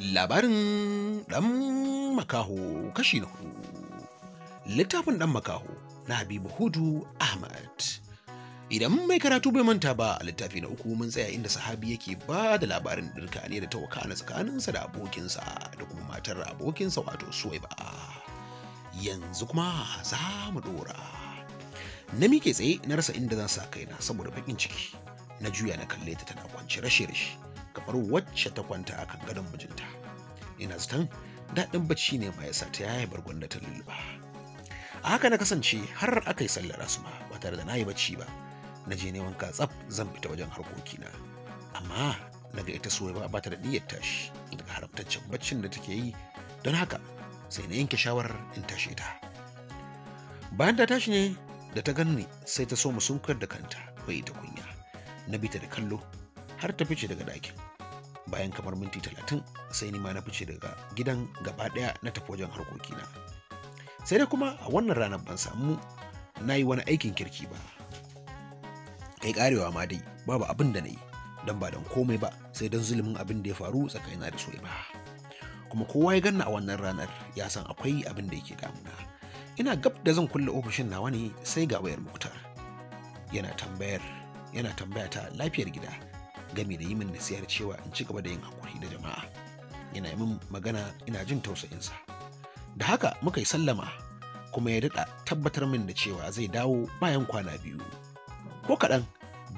Labarin ɗan makaho kashi na hudu. Littafin ɗan makaho na Habibu Hudu Ahmad. Idan mai karatu bai manta ba a littafi na uku mun tsaya inda sahabi yake ba da labarin dirka ne da tawaka na tsakaninsa da abokinsa da kuma matar abokinsa wato ba Yanzu kuma za mu dora. Na mike tsaye na rasa inda zan sa kaina saboda baƙin ciki. Na juya na kalle ta tana kwanci rashe rashe. kamar wacce ta kwanta a kan gadon mijinta ina zaton daɗin bacci ne ma yasa ta yaya bar gwanda ta lulluɓa a haka na kasance har aka yi sallar asuba ba tare da na yi bacci ba na je wanka tsaf zan fita wajen harkokina amma na ga ita soyayya ba bata ta da niyyar tashi daga haramtaccen baccin da take yi don haka sai na yanke shawarar in tashe ta bayan ta tashi ne da ta ganni sai ta so mu sunkuyar da kanta bai ta kunya na bi ta da kallo har ta fice daga ɗakin bayan kamar minti talatin sai ni ma na fice daga gidan gaba ɗaya na tafi wajen harkokina sai dai kuma a wannan ranar ban samu na yi wani aikin kirki ba kai karewa ma dai babu abin da na yi don ba don komai ba sai don zulumin abin da ya faru tsakanina da su ba kuma kowa ya ganna a wannan ranar ya san akwai abin da yake damuna ina gab da zan kulle ofishin nawa ne sai ga wayar muktar yana tambayar yana tambaya ta lafiyar gida Gami da yi min nasiyar cewa in ci gaba da yin hakuri da jama'a ina yi min magana ina jin tausayinsa da haka muka yi sallama kuma ya daɗa tabbatar min da cewa zai dawo bayan kwana biyu ko kaɗan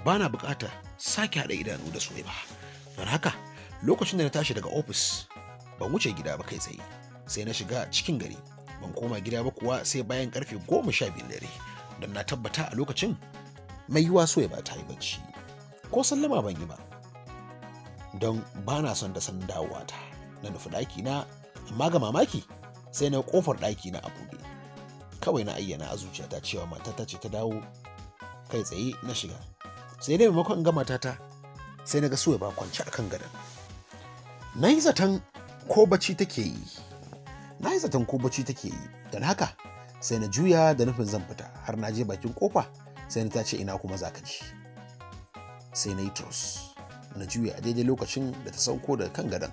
ba na buƙatar sake haɗa idanu da soyi ba don haka lokacin da na tashi daga ofis ban wuce gida ba kai tsaye sai na shiga cikin gari ban koma gida ba kuwa sai bayan karfe goma sha biyu dare don na tabbata a lokacin mai yiwa so ba ta yi bacci ko sallama ban yi ba don ba na son da san dawowa ta na nufi ɗaki na amma ga mamaki sai na kofar ɗaki na a buɗe kawai na ayyana a ta cewa matata ce ta dawo kai tsaye na shiga sai dai maimakon in ga matata sai na ga suwa ba kwanci akan gadon na yi zaton ko bacci take yi na yi zaton ko bacci take yi don haka sai na juya da nufin zan fita har na je bakin kofa sai na tace ina kuma za ka ji sai na yi trus na juya a daidai lokacin da ta sauko daga kan gadon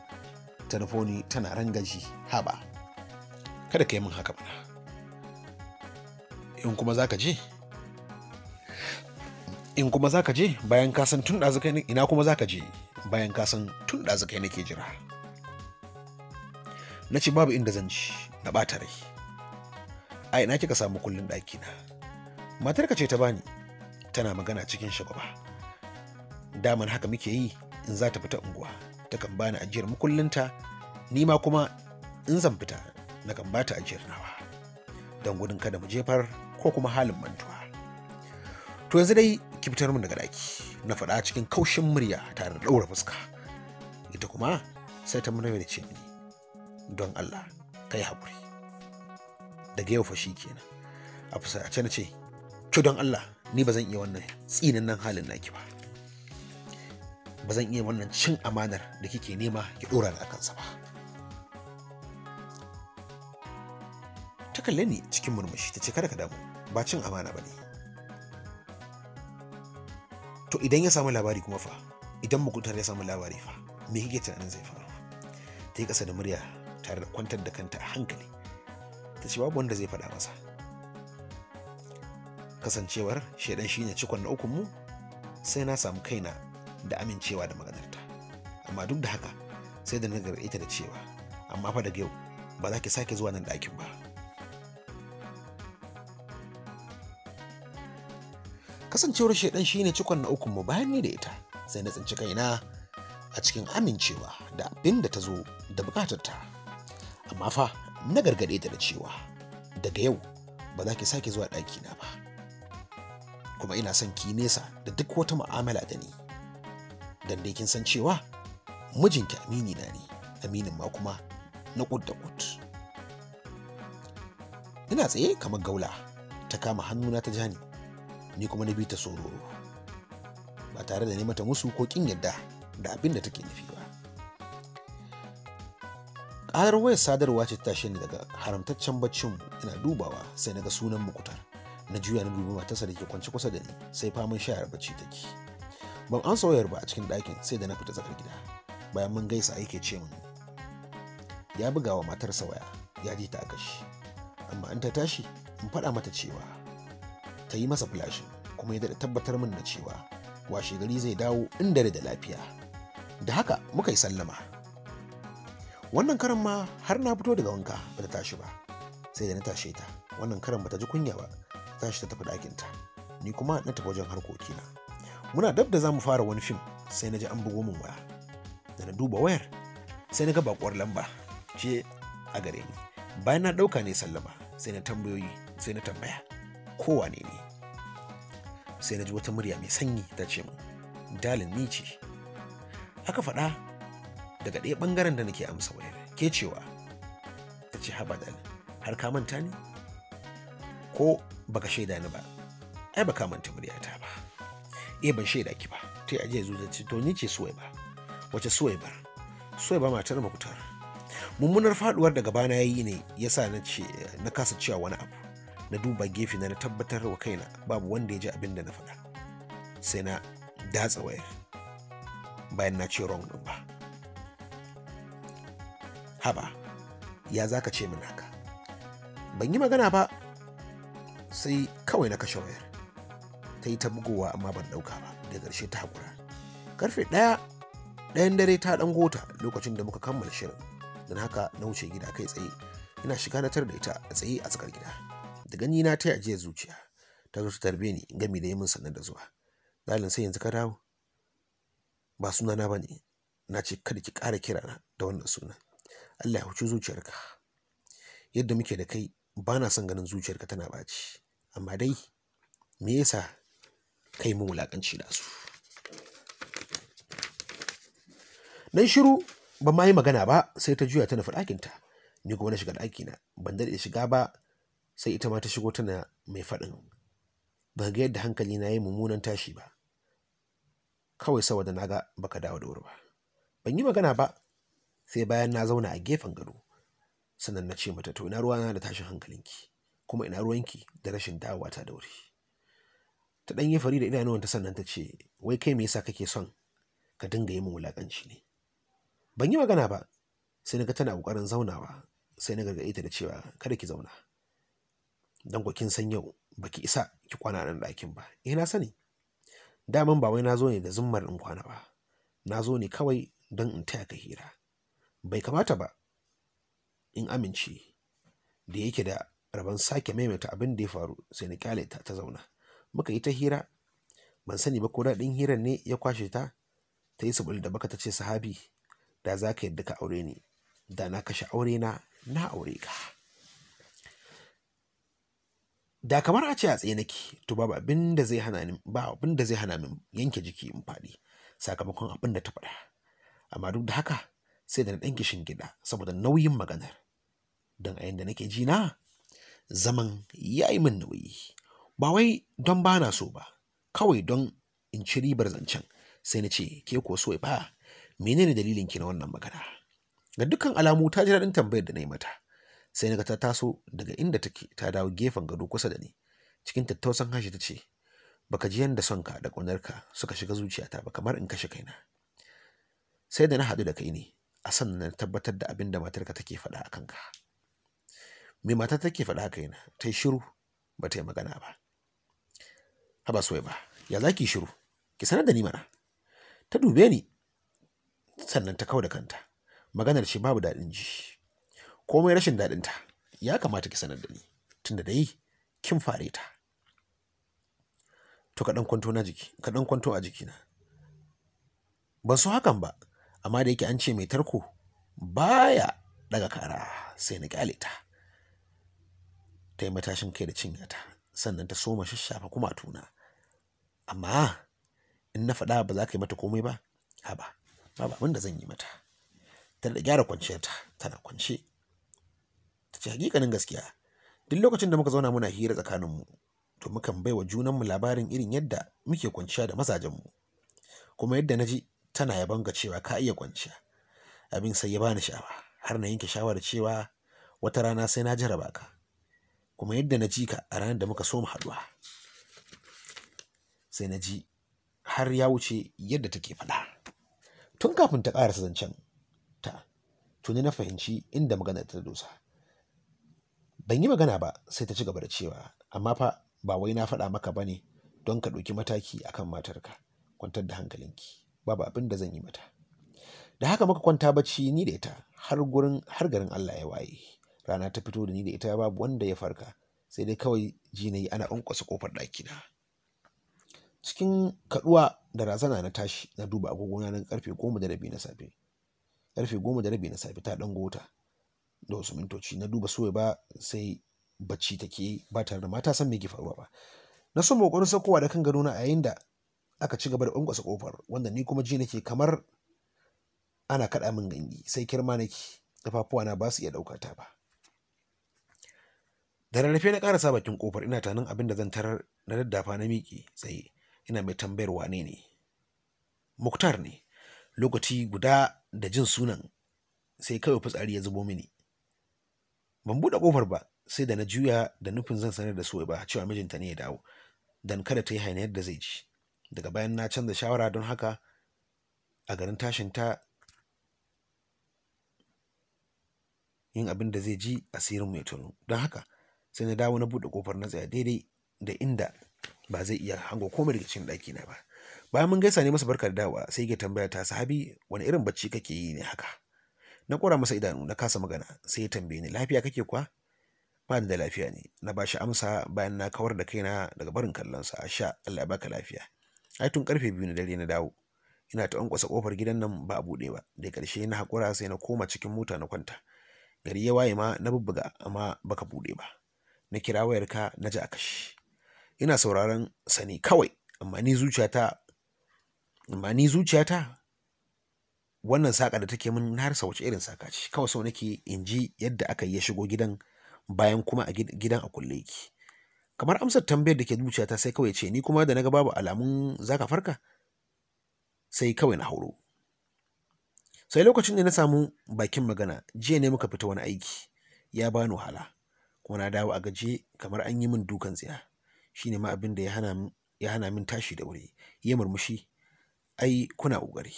telefoni tana rangaji haba kada ka yi min haka ba in kuma za ka je bayan ka san tun ɗazu ina kuma za ka je bayan ka san tun ɗazu kai nake jira na ce babu inda zan ci na ɓata rai a ina kika samu kullun ɗakina matarka ce ta bani tana magana cikin shagwaba damar haka muke yi in za ta fita unguwa kan bani ajiyar mukullinta ni ma kuma in zan fita na kan bata ajiyar nawa don gudun kada mu jefar ko kuma halin mantuwa to yanzu dai ki fitar mu daga daki na faɗa cikin kaushin murya tare da ɗaura fuska ita kuma sai ta murna da ce mini don Allah kai haƙuri daga yau fashi kenan a ce na ce ki don Allah ni ba zan iya wannan tsinannen halin naki ba ba zan iya wannan cin amanar da kike nema ki dora ni akansa ba ta kalle ni cikin murmushi ta ce kada ka damu ba cin amana ba ne to idan ya samu labari kuma fa idan muguntar ya samu labari fa me kike tunanin zai faru ta yi ƙasa da murya tare da kwantar da kanta a hankali ta ce babu wanda zai faɗa masa kasancewar shaidan shine cikon na mu sai na samu kaina da amincewa da maganarta amma duk da haka sai da nagar ita da cewa amma fa daga yau ba za ki sake zuwa nan ɗakin ba kasancewar shaidan ne cikon na ukun mu bayan ni da ita sai na tsinci kaina a cikin amincewa da abin da ta zo da bukatarta amma fa na gargaɗe ta da cewa daga yau ba za ki sake zuwa ɗakina ba kuma ina son ki nesa da duk wata mu'amala da ni don dai kin san cewa mijinki amini na ne aminin ma kuma na kud da ina tsaye kamar gaula ta kama hannuna ta jani ni kuma na bi ta sororo ba tare da ne mata musu ko kin yadda da abin da take nufi ba ƙarar wayar sadarwa ce ta tashi ni daga haramtaccen baccin ina dubawa sai na ga sunan mukutar na juya na dubi matarsa da ke kwance kusa da ni sai faman shayar bacci take ban an wayar ba a cikin ɗakin sai da na fita tsakar gida bayan mun gaisa aike ce mun ya buga wa matarsa waya ya ji ta a kashi amma an ta tashi in faɗa mata cewa ta yi masa filashin kuma ya daɗa tabbatar min da cewa washe gari zai dawo inda da lafiya da haka muka yi sallama wannan karan ma har na fito daga wanka ba ta tashi ba sai da na tashe ta wannan karan ba ta ji kunya ba tashi ta tafi ɗakinta ni kuma na tafi wajen harkokina muna dab da za mu fara wani fim sai na ji an bugo min waya da na duba wayar sai na ga bakuwar lamba ce a gare ni bayan na ɗauka ne sallama sai na tambayoyi sai na tambaya kowa ne ne sai na ji wata murya mai sanyi ta ce min dalin ni ce aka faɗa daga ɗaya ɓangaren da nake amsa wayar ke cewa ta ce haba dalin har ka manta ni ko baka shaida ni ba ai baka manta muryata ba eh ban shaida ki ba ta aje zo ta ce to ni ce suwai wace suwai ba suwai ba matar makutar mummunar faduwar daga bana yayi ne yasa na ce na kasa cewa wani abu na duba gefe na na tabbatar wa kaina babu wanda ya ji abin da na faɗa sai na datsa wayar bayan na ce wrong din ba haba ya zaka ce min haka ban yi magana ba sai kawai na kashe wayar ta yi ta bugowa amma ban ɗauka ba da ƙarshe ta haƙura karfe ɗaya ɗayan dare ta ɗan gota lokacin da muka kammala shirin don haka na wuce gida kai tsaye ina shiga na tarda da ita a tsaye a tsakar gida da gani na ta ajiyar zuciya ta zo ta tarbe ni gami da yi min da zuwa lalin sai yanzu ka dawo ba sunana na bane na ce kada ki kara kira na da wannan sunan Allah ya huci zuciyarka yadda muke da kai ba na son ganin zuciyarka tana baci amma dai me yasa kai mu wulaƙanci da su nan shiru ba ma yi magana ba sai ta juya tana faɗakinta ni kuma na shiga ɗakina ban daɗe shiga ba sai ita ma ta shigo tana mai faɗin ba ga yadda hankali na yi mummunan tashi ba kawai saboda na ga baka dawo da wuri ba ban yi magana ba sai bayan na zauna a gefen gado sannan na ce mata to ina ruwana da tashin hankalinki kuma ina ruwanki da rashin dawowa ta da wuri ta ɗan yi fari da idanuwanta sannan ta ce wai kai me yasa kake son ka dinga yi min wulaƙanci ne ban yi magana ba sai naga tana kokarin zaunawa sai na gargaɗe ta da cewa kada ki zauna dan ku kin san yau baki isa ki kwana nan ɗakin ba eh na sani daman ba wai na zo ne da zummar in kwana ba na zo ne kawai don in taya ka hira bai kamata ba in amince da yake da rabon sake maimaita abin da ya faru sai na kyale ta ta zauna muka yi ta hira ban sani ba ko daɗin hirar ne ya kwashe ta ta yi saboda da baka ta ce sahabi da za ka yadda ka aure ni da na kashe aure na na aure ka da kamar a ce a tsaye nake to babu zai hana ba abin da zai hana min yanke jiki in faɗi sakamakon abin da ta faɗa amma duk da haka sai da na ɗan kishin gida saboda nauyin maganar don a yadda nake ji na zaman ya yi min nauyi ba wai don ba na so ba kawai don in ci ribar zancen sai na ce ke ko so ba menene dalilin ki na wannan magana ga dukkan alamu ta ji daɗin tambayar da na yi mata sai na ga ta taso daga inda take ta dawo gefen gado kusa da ni cikin tattausan hashi ta ce baka ji yanda sonka da ƙaunarka suka shiga zuciyata ba kamar in kashe kaina sai da na haɗu da kai ne a sannan na tabbatar da abin da matarka take faɗa a kanka me mata take faɗa kaina ta yi shiru ba ta yi magana ba haba ba ya zaki ki shiru ki sanar da ni mana ta dube ni sannan ta kawo da kanta maganar ce babu daɗin ji komai rashin daɗinta ya kamata ki sanar da ni tunda dai kin fare ta to ka ɗan kwanto na jiki ka ɗan kwanto a jikina ban su hakan ba amma da yake an ce mai tarko baya daga kara sai na kyale ta ta yi matashin kai da cinyata sannan ta soma shashafa kuma tuna amma in na faɗa ba za ka yi mata komai ba haba ba ba wanda zan yi mata ta da gyara kwanciyarta tana kwance ta ce hakikanin gaskiya duk lokacin da muka zauna muna hira tsakaninmu to mukan baiwa junanmu labarin irin yadda muke kwanciya da mazajenmu kuma yadda na ji tana yaban ga cewa ka iya kwanciya abin sai ya bani sha'awa har na yanke shawarar cewa wata rana sai na jarraba ka kuma yadda na ji ka a ranar da muka so mu haɗuwa sai na ji har ya wuce yadda take faɗa tun kafin ta ƙarasa zancen ta tuni na fahimci inda magana ta dosa ban yi magana ba sai ta ci gaba da cewa amma fa ba wai na faɗa maka ba ne don ka ɗauki mataki a akan matarka kwantar da hankalinki babu abin da zan yi mata da haka muka kwanta bacci ni da ita har gurin har garin Allah ya waye rana ta fito da ni da ita babu wanda ya farka sai dai kawai ji na yi ana ƙwanƙwasa ƙofar ɗakina cikin kaduwa da razana na tashi na duba agogo na karfe goma da rabi na safe ta dan gota da wasu mintoci na duba soya ba sai bacci take ba tare da mata san me ke faruwa ba na so kokarin sakowa da kan gado na yayin da aka ci gaba da kwankwasa kofar wanda ni kuma ji nake kamar ana kaɗa min gangi sai kirma nake kafafuwa na ba su iya ɗauka ta ba da rarrafe na ƙarasa bakin kofar ina tanin abin da zan tarar na daddafa na miƙe tsaye ina mai tambayar wane ne muktar ne lokaci guda da jin sunan sai kawai fitsari ya zubo mini ban buɗe ƙofar ba sai da na juya da nufin zan sanar da su ba cewa mijinta ne ya dawo dan kada ta yi hainayar da zai ji daga bayan na canza shawara don haka a garin tashin ta yin abin da zai ji asirin mai tono don haka sai na dawo na buɗe ƙofar na tsaya daidai da inda ba zai iya hango komai daga cikin ɗaki na ba bayan mun gaisa ne masa barka da dawa sai ya tambaya ta sahabi wani irin bacci kake yi ne haka na kora masa idanu na kasa magana sai ya tambaye ni lafiya kake kuwa ba ni da lafiya ne na ba shi amsa bayan na kawar da kaina daga barin kallon a sha Allah ya baka lafiya ai tun karfe biyu na dare na dawo ina ta ƙwanƙwasa kofar gidan nan ba a buɗe ba da karshe na hakura sai na koma cikin mota na kwanta gari ya waye ma na bubbuga amma baka buɗe ba na kira wayarka na ji a kashi ina sauraron sa ne kawai amma ni zuciyata amma ni zuciyata wannan saka da take min har sa wace irin saƙa ce kawai sau nake in ji yadda aka yi shigo gidan bayan kuma a gidan a kulle ki kamar amsar tambayar da ke zuciyata sai kawai ce ni kuma da na ga babu alamun zaka farka sai kawai na hauro sai lokacin da na samu bakin magana jiya ne muka fita wani aiki ya bani wahala kuma na dawo a gaje kamar an yi min dukan tsiya shine ma abin da ya hana min tashi da wuri ya murmushi ai kuna ƙoƙari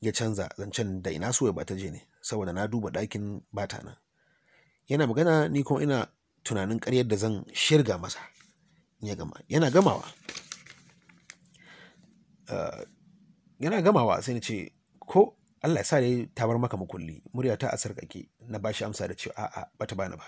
ya canza zancen da ina so ya bata je ne saboda na duba ɗakin bata nan yana magana ni kuma ina tunanin ƙaryar da zan shirga masa ya gama yana gamawa eh, yana gamawa sai na ce ko Allah ya sa dai ta bar maka makulli murya ta a sarƙaƙe na bashi amsa da cewa a'a bata bani ba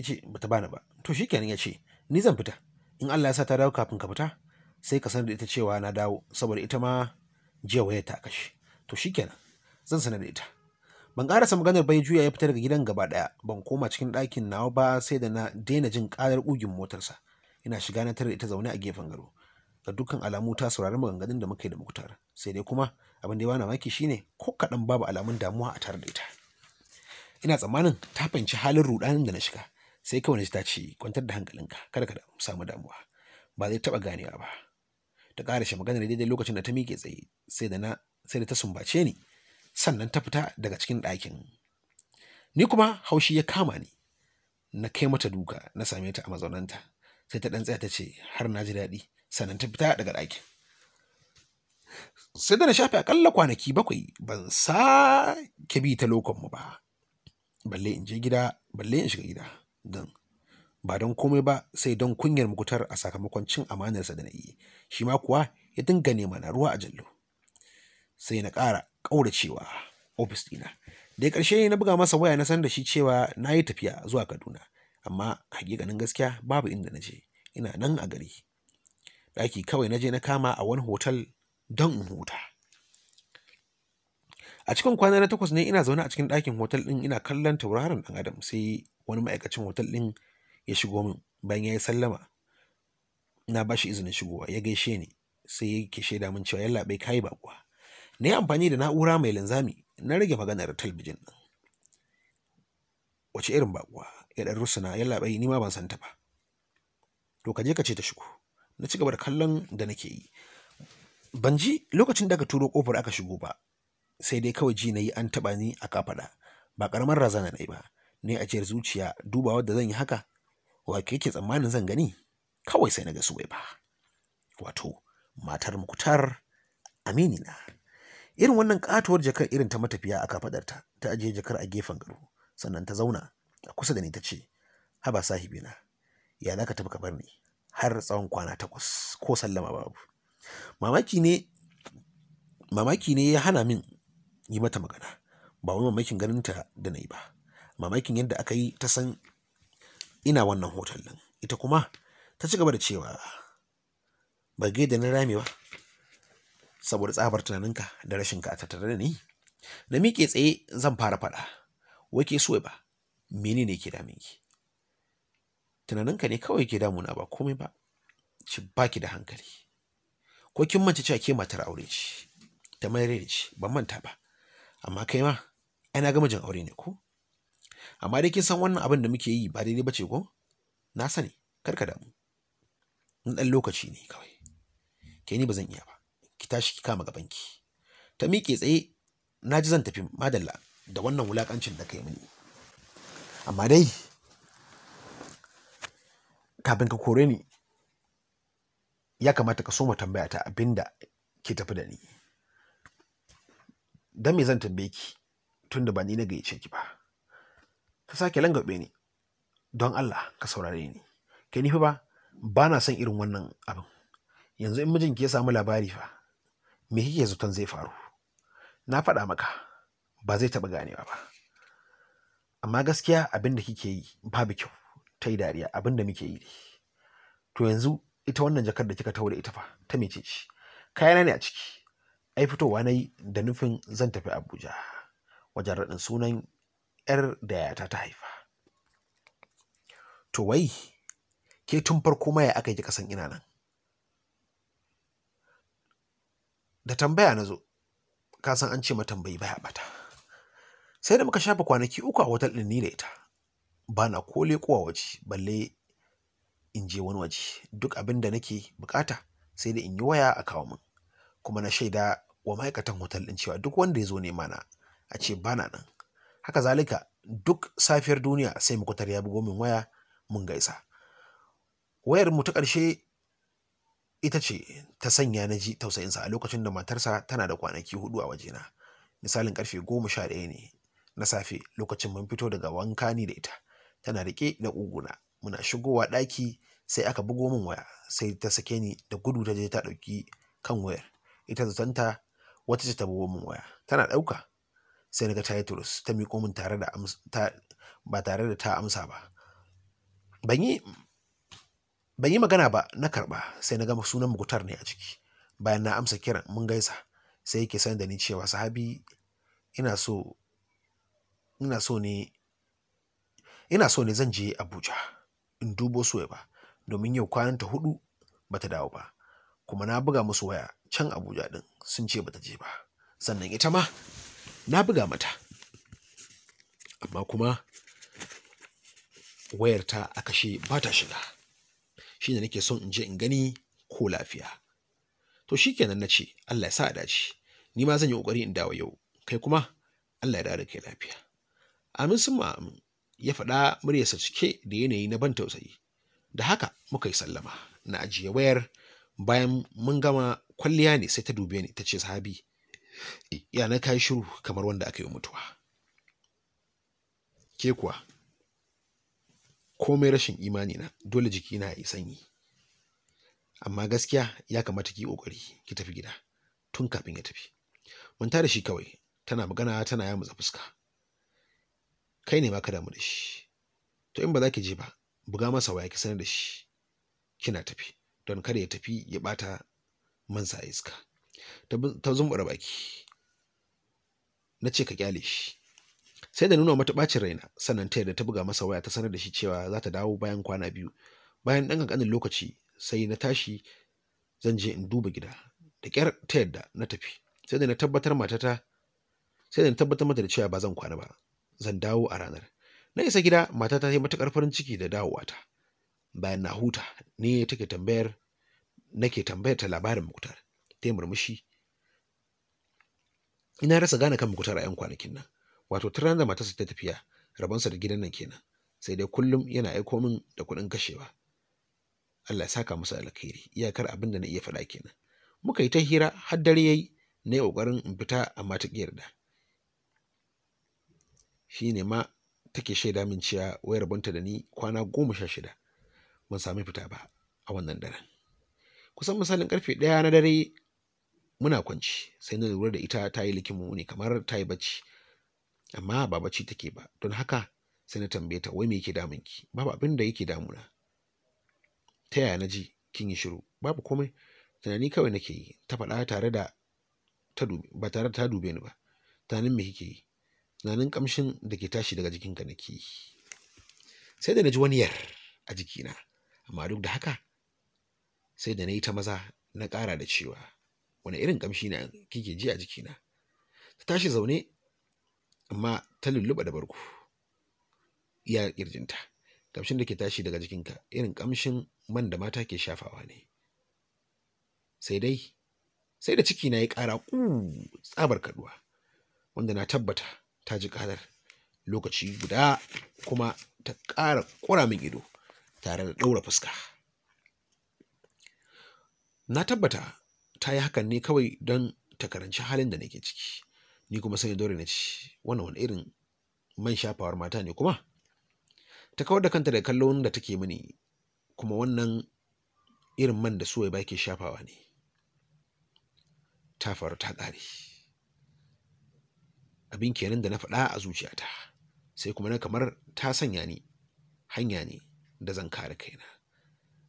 ce bata bani ba to shi ya ce ni zan fita in Allah ya sa ta dawo kafin ka fita sai ka sanar da ita cewa na dawo saboda ita ma jiya wayar ta kashe to shi kenan zan sanar da ita ban karasa maganar bai juya ya fita daga gidan gaba daya ban koma cikin ɗakin nawa ba sai da na daina jin ƙarar ƙugin motarsa ina shiga na tare da ita zaune a gefen gado ga dukkan alamu ta saurari maganganun da muka yi da muktar sai dai kuma abin da ya bani maki shine ko kaɗan babu alamun damuwa a tare da ita ina tsammanin ta fahimci halin rudanin da na shiga sai kawai ta ce kwantar da hankalinka kada ka samu damuwa ba zai taba ganewa ba ta ƙara shi maganar daidai lokacin da ta miƙe tsaye sai da na sai da ta sumbace ni sannan ta fita daga cikin ɗakin ni kuma haushi ya kama ni na kai mata duka na same ta a mazaunanta sai ta ɗan tsaya ta ce har na ji daɗi sannan ta fita daga ɗakin sai da na shafe akalla kwanaki bakwai ban sake bi ta lokon mu ba balle in je gida balle in shiga gida don ba don komai ba sai don kunyar mukutar a sakamakon cin amanarsa da na yi shi ma kuwa ya dinga nema na ruwa a jallo sai na ƙara ƙauracewa ofis ɗina da ƙarshe na buga masa waya na san da shi cewa na yi tafiya zuwa kaduna amma hakikanin gaskiya babu inda na je ina nan a gari ɗaki kawai na je na kama a wani hotel don in huta a cikin kwana na takwas ne ina zaune a cikin ɗakin hotel ɗin ina kallon tauraron ɗan adam sai wani ma'aikacin hotel ɗin ya shigo min bayan ya yi sallama na ba shi izinin shigowa ya gaishe ni sai yake shaida min cewa yalla bai kayi bakuwa na yi amfani da na'ura mai linzami na rage maganar talbijin ɗin wace irin bakuwa ya ɗan rusuna yalla bai ni ma ban san ta ba to ka je ka ce ta shigo na ci gaba da kallon da nake yi ban ji lokacin da aka turo kofar aka shigo ba sai dai kawai ji na yi an taɓa ni a kafaɗa ba ƙaramar razana na yi ba ne a ciyar zuciya dubawa da zan yi haka wa ke tsammanin zan gani kawai sai na ga su ba wato matar mukutar aminina irin wannan katuwar jakar irin ta matafiya a kafaɗarta ta ajiye jakar a gefen gado, sannan ta zauna a kusa da ni ta ce haba sahibina ya za ka tafi kabar ni har tsawon kwana takwas ko sallama babu mamaki ne ya hana min yi mata magana ba wai mamakin ganin ta da na yi ba mamakin yadda aka yi ta san ina wannan hotallin ita kuma ta ci gaba da cewa ba gai da na rame ba saboda tsabar tunaninka da rashin ka a tattare da ni na miƙe tsaye zan fara faɗa wake so ba mene ne ke damin ki tunaninka ne kawai ke damuna ba komai ba ci baki da hankali ko kin mace cewa ke matar aure ce ta mai ce ban manta ba amma kai ma ai na gama jin aure ne ko amma dai kin san wannan abin da muke yi ba daidai bace ko na sani kar ka damu in dan lokaci ne kawai ke ni ba zan iya ba ki tashi ki kama gaban ki ta miƙe tsaye na ji zan tafi madalla da wannan wulakancin da kai mini amma dai kafin ka kore ni ya kamata ka soma tambaya ta abinda ke tafi da ni don me zan tambaye ki Tunda da ba ni na gayyace ki ba ta sake langabe ni don Allah ka saurare ni ni nifi ba ba na son irin wannan abin yanzu in mijin ki ya samu labari fa me kike zaton zai faru na faɗa maka ba zai taɓa ganewa ba amma gaskiya abin da kike yi babu kyau ta yi dariya abin da muke yi to yanzu ita wannan jakar da kika taure ita fa ta mece ce kayana ne a ciki ai fitowa na da nufin zan tafi abuja wajen raɗin sunan 'yar da yata ta haifa to wai ke tun farko maya aka yi kasan ina nan da tambaya na zo kasan an ce matambayi baya bata sai da muka shafa kwanaki uku a hotel ɗin ni da ita ba na kole kuwa waje balle in je wani waje duk abin da nake bukata sai da in yi waya a kawo min kuma na shaida wa ma'aikatan hotel din cewa duk wanda ya zo ne mana a ce bana nan haka zalika duk safiyar duniya sai mu mukutar ya bugo min waya mun gaisa wayar mu ta karshe ita ce ta sanya na ji tausayinsa a lokacin da matarsa tana da kwanaki hudu a wajena misalin karfe goma sha ɗaya ne na safe lokacin mun fito daga wanka ni da ita tana riƙe da ƙuguna muna shigowa ɗaki sai aka bugo min waya sai ta sake ni da gudu ta je ta ɗauki kan wayar ita zatanta wata ce ta bugo min waya tana ɗauka sai na ga ta yi turus miƙo min tare da ba tare da ta amsa ba ban yi ban yi magana ba na karɓa sai na gama sunan mugutar ne a ciki bayan na amsa kiran mun gaisa sai yake san da ni cewa sahabi ina so ina so ne ina so ne zan je abuja in dubo soya ba domin yau kwanan ta hudu bata dawo ba kuma na buga musu waya can abuja ɗin sun ce bata je ba sannan ita ma na buga mata amma kuma wayar ta a kashe ba ta shiga shine nake son in je in gani ko lafiya to shi shikenan na ce Allah ya sa a dace ni ma zan yi kokari in dawo yau kai kuma Allah ya dawo kai lafiya amin sun ma amin ya faɗa muryarsa cike da yanayi na ban tausayi da haka muka yi sallama na ajiye wayar bayan mun gama kwalliya ne sai ta dube ni ta ce sahabi ya na kai shiru kamar wanda aka yi mutuwa ke kuwa komai rashin imani na dole jiki na yi sanyi amma gaskiya ya kamata ki kokari ki tafi gida tun kafin ya tafi mun tare shi kawai tana magana tana yamutsa fuska kai ne ma ka damu da shi to in ba za ki je ba buga masa waya ki sanar da shi kina tafi don kada ya tafi ya bata mansa sa iska ta zumbura baki na ce ka kyale shi sai da nuna mata bacin raina sannan ta da ta buga masa waya ta sanar da shi cewa za ta dawo bayan kwana biyu bayan ɗan ƙanƙanin lokaci sai na tashi zan je in duba gida da ƙyar ta yadda na tafi sai da na tabbatar matata sai da na tabbatar mata da cewa ba zan kwana ba zan dawo a ranar na isa gida matata ta yi matuƙar farin ciki da dawowa ta. bayan na huta ne take tambayar nake tambayar ta labarin muktar ta murmushi ina rasa gane kan muktar a yan kwanakin nan wato tun da matarsa ta tafiya rabonsa da gidan nan kenan sai dai kullum yana aiko min da kuɗin kashewa Allah ya saka musu alkhairi iyakar abin da na iya faɗa kenan muka yi ta hira har dare yayi na yi ƙoƙarin in fita amma ta yarda shi ne ma take shaida min cewa wayar rabonta da ni kwana goma sha shida ban sami fita ba a wannan daren kusan misalin karfe ɗaya na dare muna kwanci sai na lura da ita ta yi likimu ne kamar ta yi bacci amma ba bacci take ba don haka sai na tambaye ta wai me yake damunki babu abin da yake damuna ta yaya na ji kin yi shiru babu komai tunani kawai nake yi ta faɗa tare da ta dube ba tare da ta dube ni ba tunanin me kike yi tunanin kamshin da ke tashi daga jikinka nake yi sai da na ji wani yar a jikina amma duk da haka sai da na yi ta maza na ƙara da cewa wani irin ƙamshi na kike ji a jikina ta tashi zaune amma ta lulluɓa da barku iya ƙirjinta ƙamshin da ke tashi daga jikinka irin ƙamshin man da mata ke shafawa ne sai dai sai da ciki na ya ƙara ƙu tsabar kaduwa wanda na tabbata ta ji ƙarar lokaci guda kuma ta ƙara ƙura min ido tare da ɗaura fuska na tabbata ta yi hakan ne kawai don ta karanci halin da nake ciki ni kuma sai dore na ci wannan wani irin man shafawar mata ne kuma ta kawar da kanta da kallon da take mini kuma wannan irin man da suwai baki shafawa ne ta faru ta ƙare abin kenan da na faɗa a zuciyata sai kuma na kamar ta sanya ni hanya ne da zan kare kaina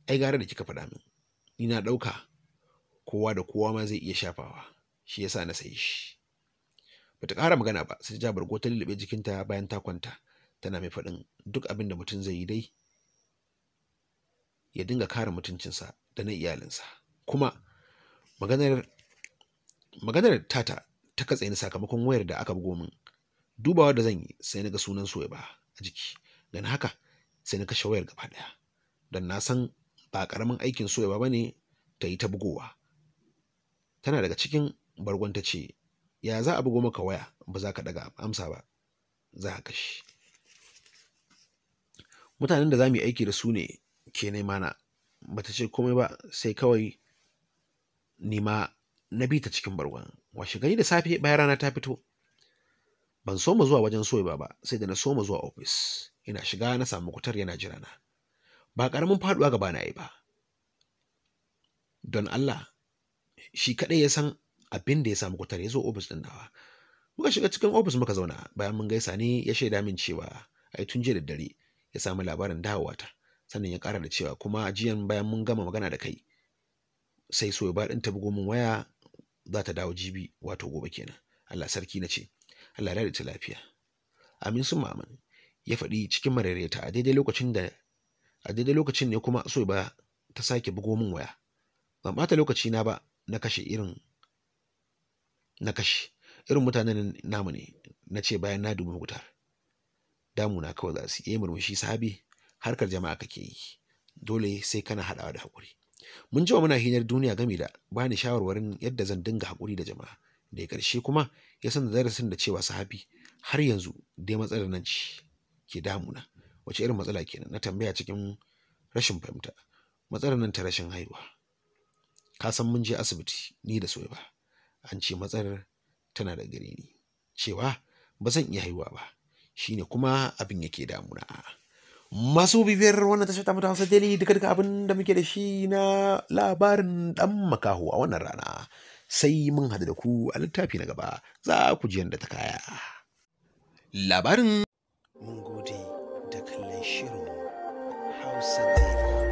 ai gara da kika faɗa min ni na ɗauka kowa da kowa ma zai iya shafawa shi yasa na sayi shi bata ƙara magana ba sai ta jabar ta lullube jikinta bayan ta kwanta tana mai faɗin duk abin da mutum zai yi dai ya dinga kare mutuncinsa da na iyalinsa kuma maganar maganar tata ta katse ni sakamakon wayar da aka bugo min dubawa da zan yi sai na ga sunan soyaba a jiki gani haka sai na kashe wayar gaba ɗaya don na san ba ƙaramin aikin soyawa ba ne ta yi ta bugowa tana daga cikin bargon ta ce ya za a bugo maka waya ba za ka daga amsa ba za ka kashe mutanen da za mu yi aiki da su ne ke mana ta ce komai ba sai kawai nima na bi ta cikin bargon washe gani da safe bayan rana ta fito ban soma zuwa wajen soyawa ba sai da na soma zuwa ofis ina shiga na samu kutar yana jira na. ba ƙaramin faɗuwa gaba na yi ba don Allah shi kaɗai ya san abin da ya samu kutar ya zo ofis ɗin nawa muka shiga cikin ofis muka zauna bayan mun gaisa ne ya shaida min cewa ai tun jiya da dare ya samu labarin dawowa ta, sannan ya ƙara da cewa kuma jiyan bayan mun gama magana da kai sai so ya ɗin ta bugo min waya za ta dawo jibi wato gobe kenan Allah sarki na ce Allah ya ta lafiya amin sun ya faɗi cikin marareta a daidai lokacin da a daidai lokacin ne kuma so ba ta sake bugo min waya ban bata lokaci na ba na kashe irin na kashe irin mutanen namu ne na ce bayan na dubi wutar damuna kawai za su yi murmushi sabi harkar jama'a kake yi dole sai kana haɗawa da haƙuri mun ji wa muna hinar duniya gami da bani shawarwarin yadda zan dinga haƙuri da jama'a da ya ƙarshe kuma ya san darasin da cewa sahabi har yanzu dai matsalar nan ce ke damuna wace irin matsala kenan na tambaya cikin rashin fahimta matsalar nan ta rashin haihuwa ka san mun je asibiti ni da soyayya an ce matsalar tana da gare ni cewa ba zan iya haihuwa ba shine kuma abin yake damuna masu bibiyar wannan tashar tamu ta hausa daily duka duka abin da muke da shi na labarin dan makaho a wannan rana sai mun hadu da ku a littafi na gaba za ku ji yadda ta kaya labarin mun gode da kallon shirin Hausa daidai